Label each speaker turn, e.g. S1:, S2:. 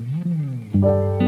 S1: Mm.